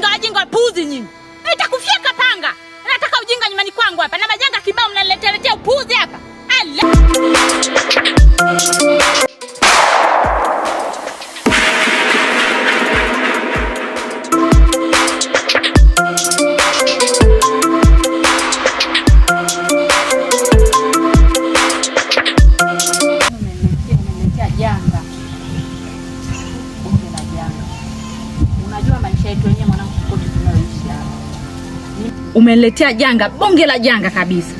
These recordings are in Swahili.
wajinga wajinga puzi nyinyi. Nitakufyeka panga. Nataka ujinga nyumbani kwangu hapa. Na majanga kibao mnaniletea upuzi hapa. Allah. umeletea janga bonge la janga kabisa,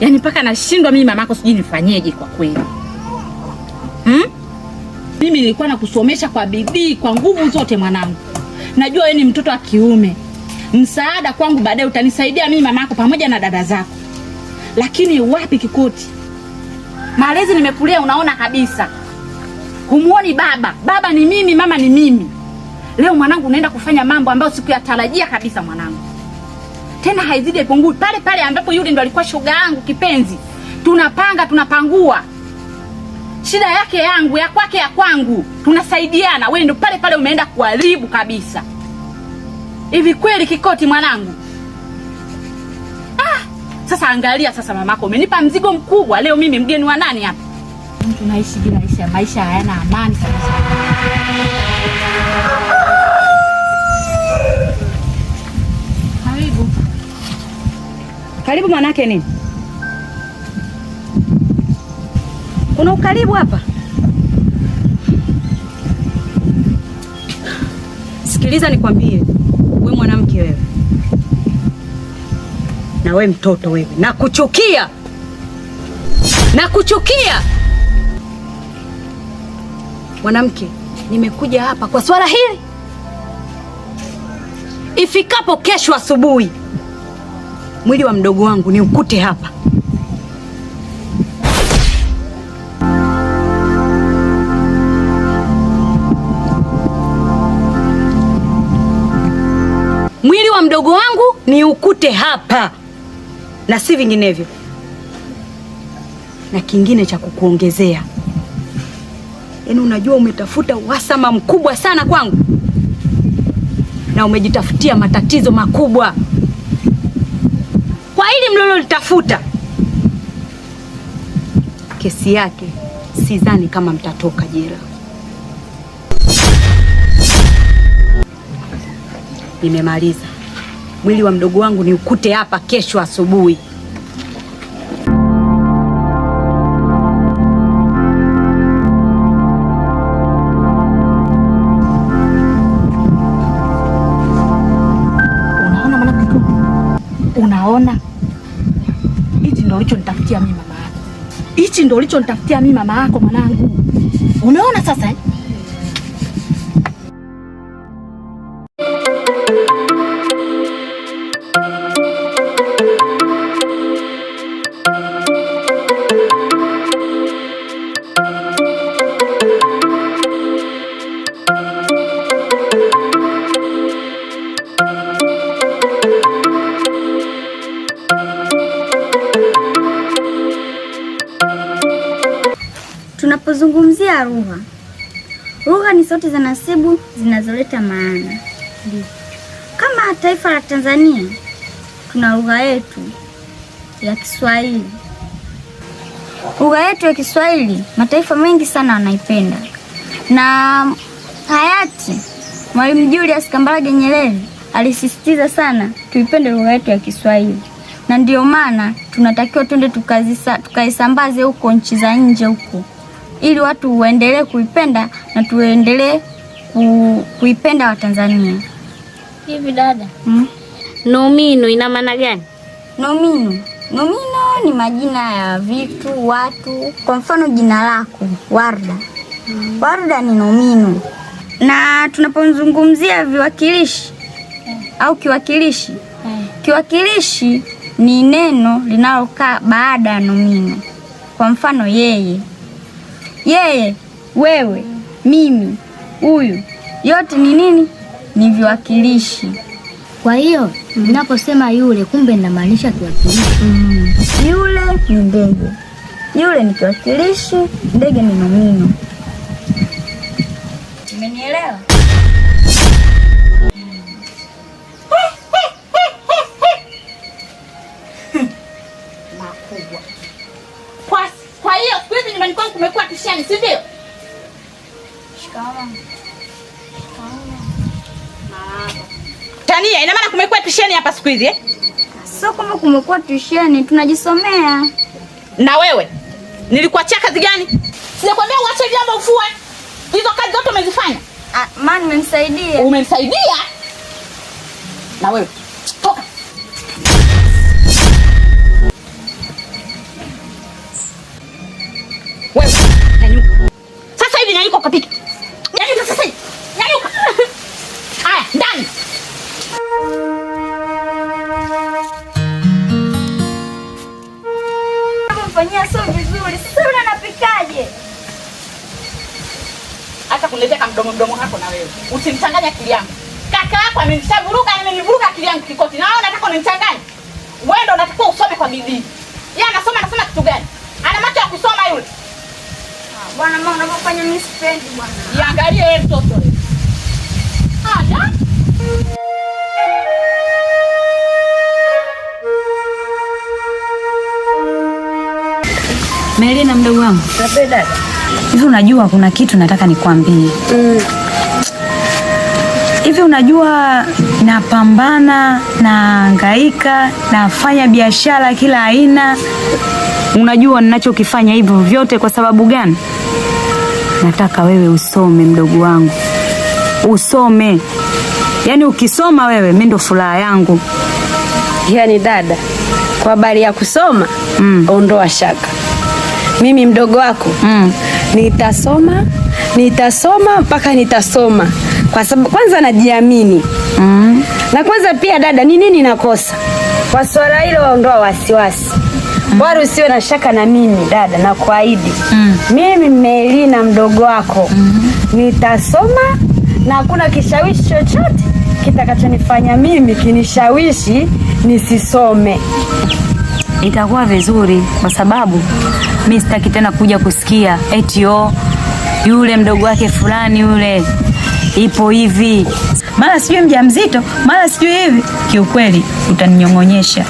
yaani mpaka nashindwa mimi mamako, sijui nifanyeje kwa kweli hmm? Mimi nilikuwa nakusomesha kwa bidii kwa nguvu zote mwanangu, najua wewe ni mtoto wa kiume msaada kwangu, baadaye utanisaidia mimi mamako pamoja na dada zako, lakini wapi Kikoti, malezi nimekulia, unaona kabisa humuoni baba. Baba ni mimi, mama ni mimi. Leo mwanangu unaenda kufanya mambo ambayo sikuyatarajia kabisa mwanangu tena haizidi haipungui, pale pale ambapo yule ndo alikuwa shoga yangu kipenzi, tunapanga tunapangua, shida yake yangu, ya kwake ya kwangu, tunasaidiana. Wewe ndo pale pale umeenda kuharibu kabisa. Hivi kweli Kikoti mwanangu? Ah, sasa angalia sasa, mamako umenipa mzigo mkubwa leo, mimi mgeni wa nani hapa? naishi bila maisha, maisha hayana amani sana Karibu manake nini? Kuna ukaribu hapa? Sikiliza nikwambie, we mwanamke wewe na we mtoto wewe, nakuchukia, nakuchukia mwanamke. Nimekuja hapa kwa swala hili, ifikapo kesho asubuhi mwili wa mdogo wangu ni ukute hapa. Mwili wa mdogo wangu ni ukute hapa na si vinginevyo. Na kingine cha kukuongezea, yaani unajua umetafuta uhasama mkubwa sana kwangu na umejitafutia matatizo makubwa nini mlololitafuta? Kesi yake sidhani kama mtatoka jela. Nimemaliza. Mwili wa mdogo wangu ni ukute hapa kesho asubuhi. Unaona? ndo ulichonitafutia mimi mama yako, hichi ndo ulichonitafutia mimi mama yako mwanangu, umeona sasa eh? Tunapozungumzia lugha, lugha ni sauti za nasibu zinazoleta maana. Kama taifa la Tanzania tuna lugha yetu ya Kiswahili. Lugha yetu ya Kiswahili mataifa mengi sana wanaipenda, na hayati Mwalimu Julius Kambarage Nyerere alisisitiza sana tuipende lugha yetu ya Kiswahili, na ndiyo maana tunatakiwa twende tukaisambaze huko nchi za nje huko ili watu waendelee kuipenda na tuendelee ku, kuipenda Watanzania. Hivi dada, hmm? nomino ina maana gani? Nomino, nomino ni majina ya vitu, watu. Kwa mfano jina lako Warda, hmm. Warda ni nomino, na tunapozungumzia viwakilishi hmm. au kiwakilishi hmm. kiwakilishi ni neno linalokaa baada ya nomino, kwa mfano yeye yeye, wewe, mimi, huyu, yote ni nini? Ni viwakilishi. Kwa hiyo ninaposema yule, kumbe ninamaanisha kiwakilishi. Mm. Yule ni ndege, yule ni kiwakilishi, ndege ni nomino. Umenielewa? nyumbani kwangu kumekuwa tishani, si ndio? Tania, ina maana kumekuwa tishani hapa siku hizi eh? Sio kama kumekuwa tishani, tunajisomea. Na wewe nilikuachia kazi gani? Sijakwambia uache vyombo ufue. Hizo kazi zote umezifanya. Ah, man, nimemsaidia. Umemsaidia? Na wewe Sasa hivi nyanyuka ukapike. Nyanyuka sasa hivi. Nyanyuka. Aya, ndani. Unafanyia sio vizuri. Sasa unanapikaje? Hata kuletea kama mdomo mdomo hako na wewe. Usimchanganye akili yangu. Kaka yako amenishavuruga, amenivuruka akili yangu kikoti. Na wewe unataka unichanganye? Wewe ndio unatakiwa usome kwa bidii. Yeye anasoma anasoma kitu gani? Ana macho ya kusoma yule. Bwana mama, unapofanya mimi sipendi bwana. Niangalie wewe mtoto. Ada. Melina mdogo wangu. Napenda. Hivi unajua kuna kitu nataka nikwambie. Mm. Hivi unajua napambana, naangaika, nafanya biashara kila aina Unajua ninachokifanya hivyo vyote kwa sababu gani? Nataka wewe usome, mdogo wangu, usome. Yaani ukisoma wewe, mimi ndo furaha yangu. Yaani dada, kwa habari ya kusoma mm. Ondoa shaka, mimi mdogo wako mm. Nitasoma, nitasoma mpaka nitasoma, kwa sababu kwanza najiamini mm. Na kwanza pia dada, ni nini nakosa kwa swala hilo? Waondoa wasiwasi mm. wala usiwe na shaka na mimi dada, na kuahidi mm. mimi Melina mdogo wako mm -hmm. nitasoma na hakuna kishawishi chochote kitakachonifanya mimi kinishawishi nisisome. Itakuwa vizuri, kwa sababu mi sitaki tena kuja kusikia eti o oh, yule mdogo wake fulani yule ipo hivi mara sijui mjamzito mara sijui hivi. Kiukweli utaninyong'onyesha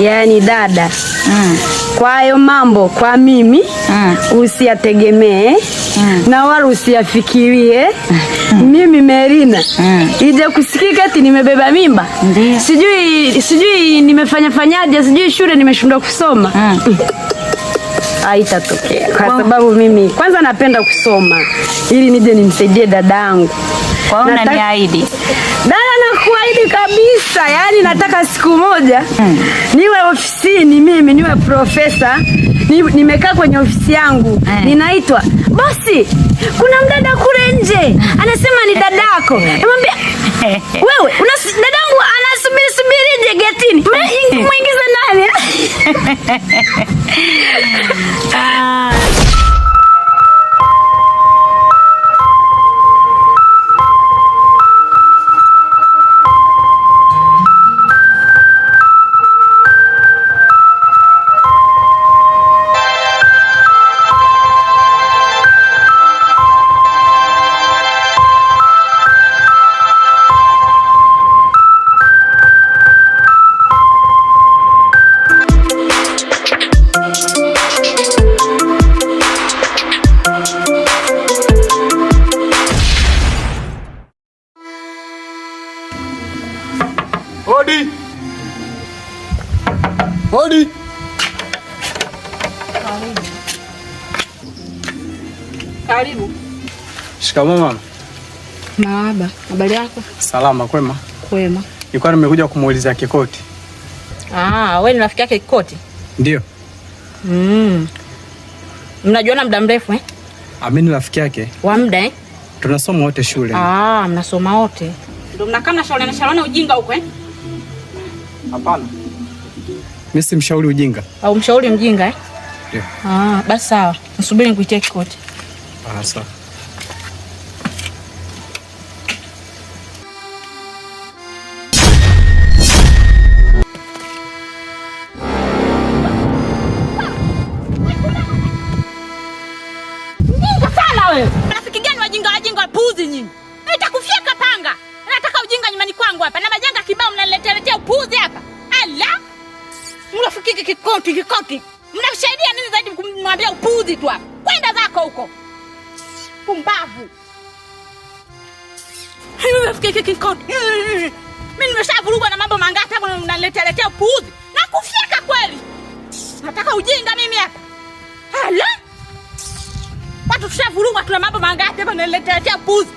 yaani dada mm. Kwa hayo mambo kwa mimi mm. usiyategemee mm. na wala usiyafikirie mm. Mimi Merina mm. ije kusikika ati nimebeba mimba Ndiyo. Sijui, sijui nimefanya fanyaje, sijui shule nimeshindwa kusoma mm. Haitatokea kwa sababu mimi kwanza napenda kusoma ili nije nimsaidie dadangu. Kwa hiyo unaniahidi dada kuahidi kabisa, yaani nataka siku moja niwe ofisini mimi niwe profesa nimekaa kwenye ofisi yangu eh. Ninaitwa basi kuna mdada kule nje anasema ni dadako. Eh. Namwambia wewe dadangu anasubiri subiri nje getini, eh. nani? Hodi. Karibu. Shikamoo mama. Maaba, habari yako? Salama, kwema. Kwema. Nilikuwa nimekuja kumuuliza Kikoti. Ah, wewe ni rafiki yake Kikoti? Ndio. Mm. Mnajuana muda mrefu eh? Amini ah, rafiki yake. Wa muda eh? Tunasoma wote shule. Ah, mnasoma wote. Ndio mnakaa mnashauriana shauriana ujinga huko eh? Hapana. Mimi si mshauri ujinga. Au mshauri mjinga eh? Yeah. Ah, basi sawa. Nisubiri nikuitie kikoti. Ah, sawa. Rafiki gani wajinga wajinga puzi Nitakufyeka panga. Nataka ujinga nyumbani kwangu hapa. Na majanga kibao mnaniletea upuzi hapa. Ala! mnafikiki kikoti kikoti, mnasaidia nini zaidi kumwambia upuzi tu, hapo? kwenda zako huko pumbavu. Mnafikiki kikoti, mimi nimeshavurugwa na mambo mangapi hapo, mnaniletea letea upuzi na kufika kweli. Nataka ujinga mimi hapa. Hala, watu tushavurugwa, tuna mambo mangapi hapo, mnaniletea letea upuzi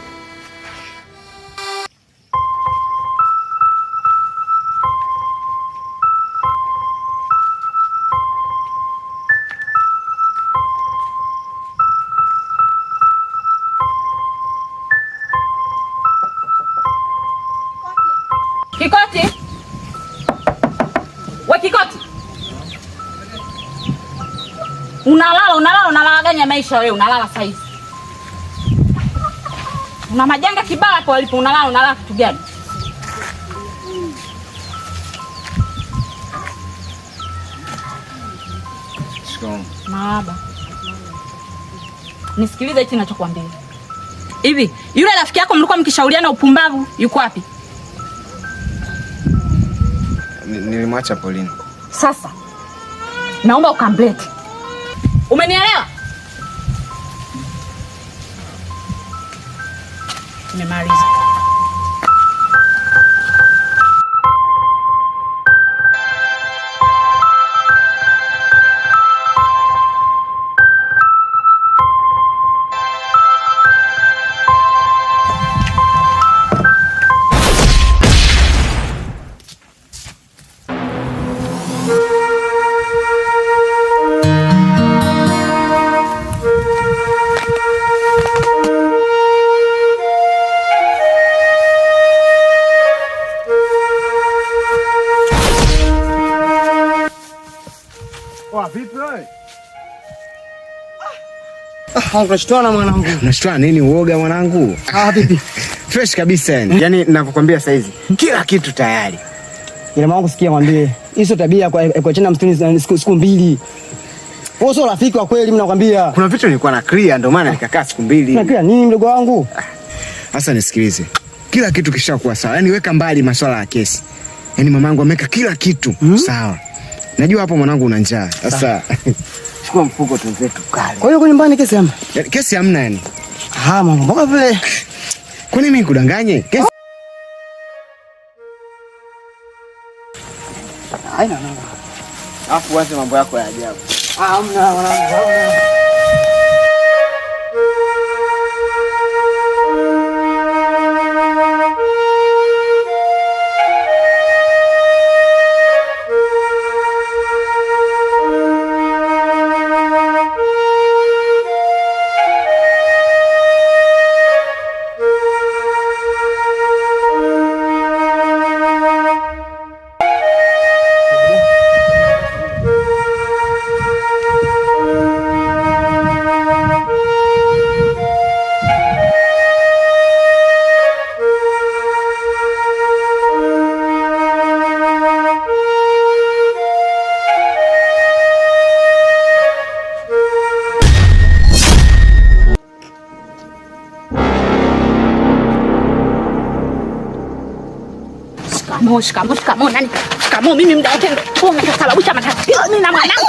unafanya maisha wewe, unalala saa una majanga kibao hapo walipo, unalala unalala kitu gani? Maaba, nisikilize hichi ninachokuambia. Hivi yule rafiki yako mlikuwa mkishauriana upumbavu, yuko wapi? Nilimwacha Pauline. Sasa naomba ukamlete, umenielewa? Memories. Unashtua mwanangu. Unashtua nini uoga mwanangu? Ah, vipi? Fresh kabisa yani. Yaani ninakwambia saizi kila kitu tayari. Ile mwanangu sikia mwambie, hizo tabia kwa kwa chana msituni siku mbili. Wewe sio rafiki wa kweli mimi nakwambia. Kuna vitu nilikuwa na clear ndio maana nikakaa siku mbili. Na clear nini mdogo wangu? Ah, sasa nisikilize. Kila kitu kishakuwa sawa. Yaani weka mbali masuala ya kesi. Yaani mamangu ameweka kila kitu hmm, sawa. Najua hapo mwanangu una njaa. Sasa tukachukua mfuko tuze tukale. Kwa hiyo kwa nyumbani kesi hamna? Kesi hamna yani. Ah, mama, mbona vile? Kwa nini mimi kudanganye? Kesi Haina namba. Afu uanze mambo yako ya ajabu. Ah, hamna, hamna. Shikamoo, shikamoo, shikamoo. Nani? Shikamoo mimi muda wote ndio unasababisha matatizo mimi na mwanangu.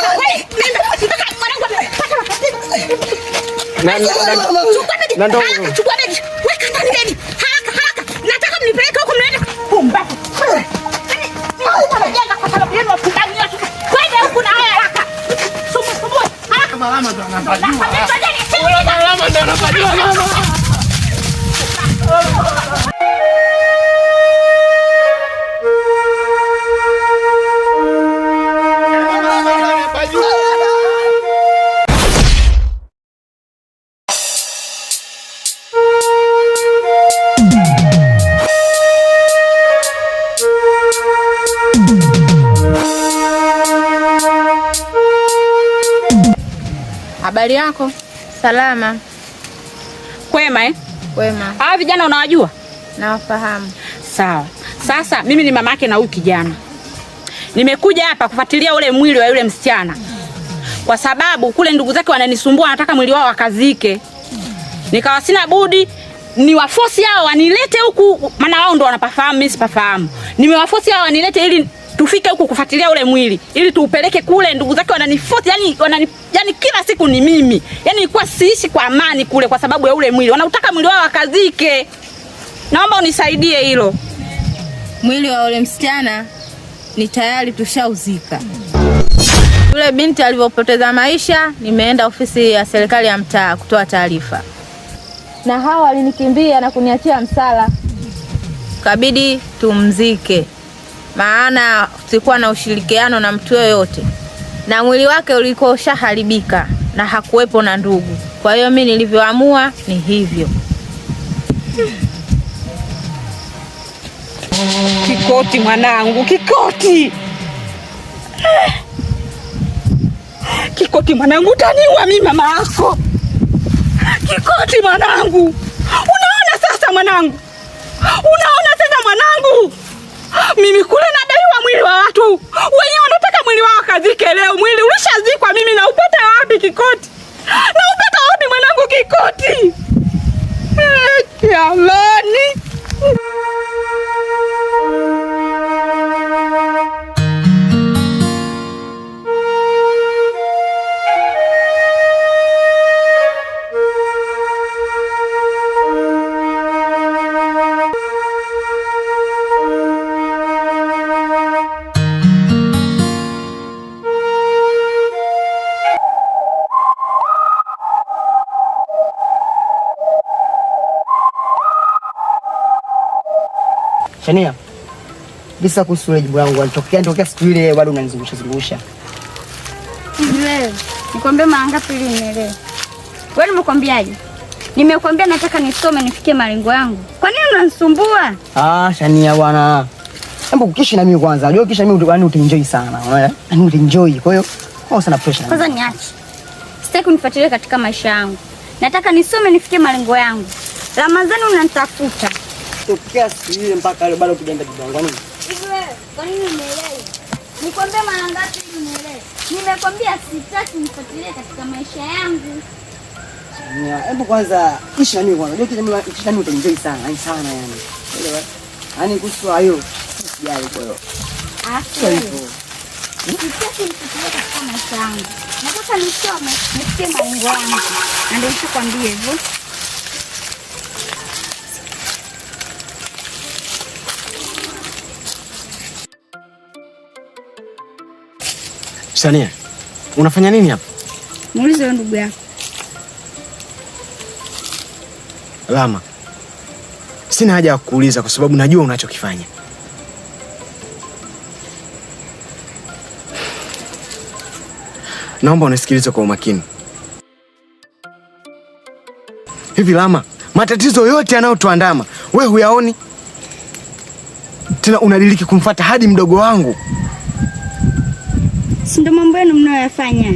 Mama ndo anabajua. Mama ndo anabajua. Salama. Kwema eh? Kwema. Hawa vijana unawajua? Nawafahamu. Sawa. Sasa mimi ni mama yake na huyu kijana, nimekuja hapa kufuatilia ule mwili wa yule msichana kwa sababu kule ndugu zake wananisumbua, wanataka mwili wao wakazike. Nikawa sina budi wafosi hao wanilete huku, maana wao ndo wanapafahamu, mimi sipafahamu. Nimewafosi hao wanilete ili tufike huku kufuatilia ule mwili ili tuupeleke kule. Ndugu zake wananifoti yani, wanani, yani kila siku ni mimi yani, nilikuwa siishi kwa amani kule kwa sababu ya ule mwili. Wanautaka mwili wao wakazike. Naomba unisaidie hilo. Mwili wa ule msichana ni tayari tushauzika. Yule binti alivyopoteza maisha, nimeenda ofisi ya serikali ya mtaa kutoa taarifa, na hawa walinikimbia na kuniachia msala, kabidi tumzike maana sikuwa na ushirikiano na mtu yoyote, na mwili wake ulikuwa ushaharibika na hakuwepo na ndugu. Kwa hiyo mimi nilivyoamua ni hivyo. Kikoti mwanangu, Kikoti, Kikoti mwanangu, utaniua mimi mama yako. Kikoti mwanangu, unaona sasa mwanangu, unaona sasa mwanangu mimi kule nadaiwa mwili wa watu, wenyewe wanataka mwili wao kazike leo. Mwili ulishazikwa, mimi naupata wapi Kikoti? Naupata wapi mwanangu Kikoti? Eh, jamani! Chania, bisa kuhusu ile jibu langu anitokea ndio siku ile bado unanizungusha zungusha. Wewe, nikwambia mara ngapi ili nielewe? Wewe nimekwambiaje? Nimekwambia nataka nisome nifikie malengo yangu. Kwa nini unanisumbua? Ah, Chania bwana. Hebu kisha na mimi kwanza. Leo kisha mimi yaani utaenjoy sana. Unaona? Yaani utaenjoy. Kwa hiyo, kwa oh, sana pressure. Kwanza niache. Sitaki unifuatilie katika maisha yangu. Nataka nisome nifikie malengo yangu. Ramadhani unanitafuta kutokea siku ile mpaka leo bado tujaenda kibango. Hivi wewe kwa nini umeelewa? Nikwambie mara ngapi ili unielewe? Nimekwambia sitaki nifuatilie katika maisha yangu. Hebu kwanza ishi na mimi kwanza. Ndio kile ishi na mimi utanijei sana, yani sana yani. Elewa? Yaani kuhusu hayo sijali kwa hiyo. Asante. Ah, hivyo. Sitaki nifuatilie katika maisha yangu. Nataka nisome, nifikie malengo yangu. Na ndio nishakwambia hivyo. sania unafanya nini hapa? Muulize wewe ndugu yako. Lama, sina haja ya kukuuliza kwa sababu najua unachokifanya. Naomba unisikilize kwa umakini. Hivi Lama, matatizo yote yanayotuandama wewe huyaoni? Tena unadiliki kumfata hadi mdogo wangu si ndio mambo yenu mnayoyafanya.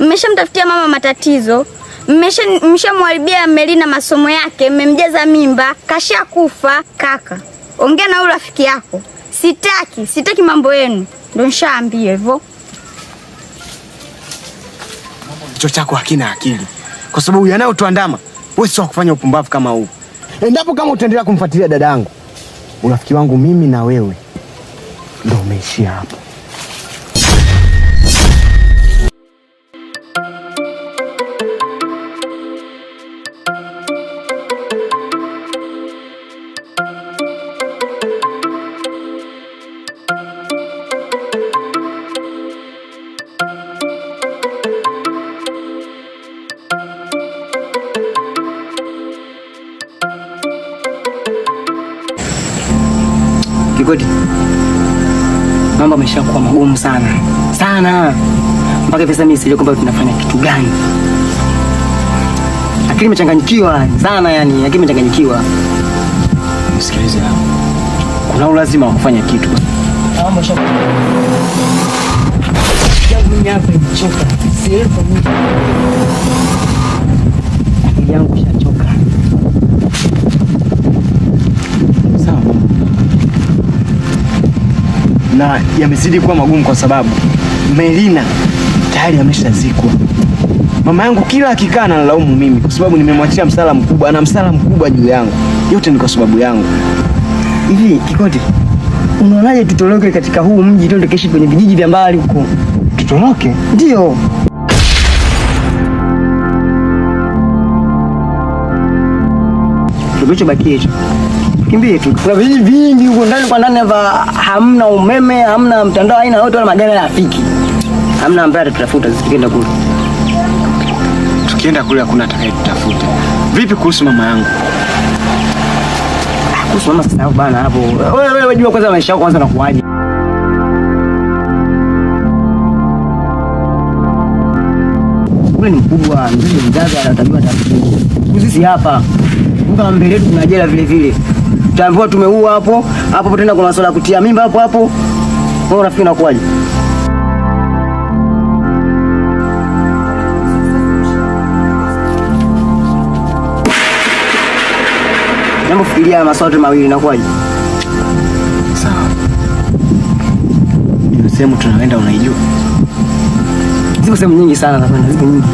Mmeshamtafutia mama matatizo, mmeshamwharibia Melina masomo yake, mmemjaza mimba, kasha kufa. Kaka, ongea na huyu rafiki yako. Sitaki, sitaki mambo yenu, ndio nishaambia hivyo. Kichwa chako hakina akili, kwa sababu yanayotuandama wewe sio kufanya upumbavu kama huu. Endapo kama utaendelea kumfuatilia dadangu, urafiki wangu mimi na wewe ndio umeishia hapo. sana sana, mpaka hivi sasa mimi sijui kwamba tunafanya kitu gani. Akili imechanganyikiwa sana, yani akili imechanganyikiwa. Msikilize hapo, kuna ulazima wa kufanya kitu yangu shachoka na yamezidi kuwa magumu kwa sababu Melina tayari ameshazikwa. Mama yangu kila akikaa analaumu mimi kwa sababu nimemwachia msala mkubwa, ana msala mkubwa juu yangu. Yote ni kwa sababu yangu. Hivi Kikoti, unaonaje tutoroke katika huu mji tuende keishi kwenye vijiji vya mbali huko? Tutoroke? Ndio. Tulichobakia hicho kimbie tu. Kuna vijiji vingi huko ndani kwa ndani hapa, hamna umeme, hamna mtandao, aina yote, wala magari hayafiki, hamna ambaye atatafuta zikienda kule. Tukienda kule hakuna atakayetafuta. Vipi kuhusu mama yangu? Ah, kuhusu mama sasa bana, hapo wewe wewe jua kwanza maisha yako kwanza na kuaje kule ni mkubwa mzazi anatakiwa tafiti. Sisi hapa mbele tunajela vile vile tambua tumeua hapo hapo, tena kuna masuala ya kutia mimba hapo hapo. Wewe unafikiri unakuaje? Jambo, fikiria yote mawili, inakuaje? Sawa. Hiyo sehemu tunaenda unaijua? Zipo sehemu nyingi sana, zipo nyingi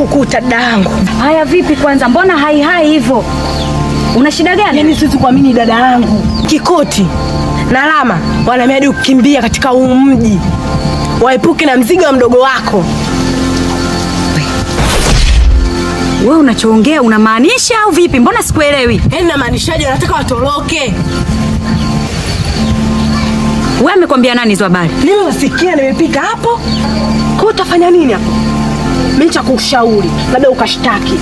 kukuta dadangu. Haya, vipi kwanza, mbona haihai hivyo? Una shida gani? Yaani siwezi kuamini dada yangu Kikoti na Lama wana kukimbia katika huu mji, waepuke na mzigo wa mdogo wako. Wewe unachoongea unamaanisha au vipi? Mbona sikuelewi. Yaani namaanishaje? Nataka watoroke. Wewe amekwambia nani hizo habari? Nimesikia, nimepika hapo. Kwa utafanya nini hapo? mimi cha kushauri labda ukashtaki.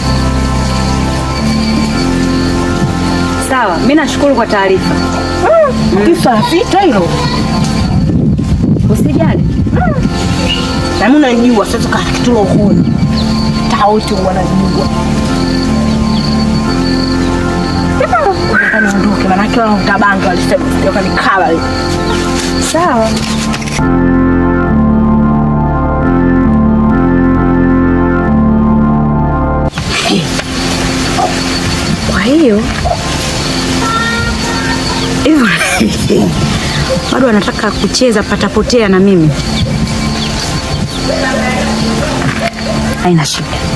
Sawa, mimi nashukuru kwa taarifa. Mm. Safi usijali. Nami unajua sasa kakitula uhoni tauti wanajua niondoke, manake walisema sawa hiyo hivyo bado anataka kucheza patapotea na mimi haina shida.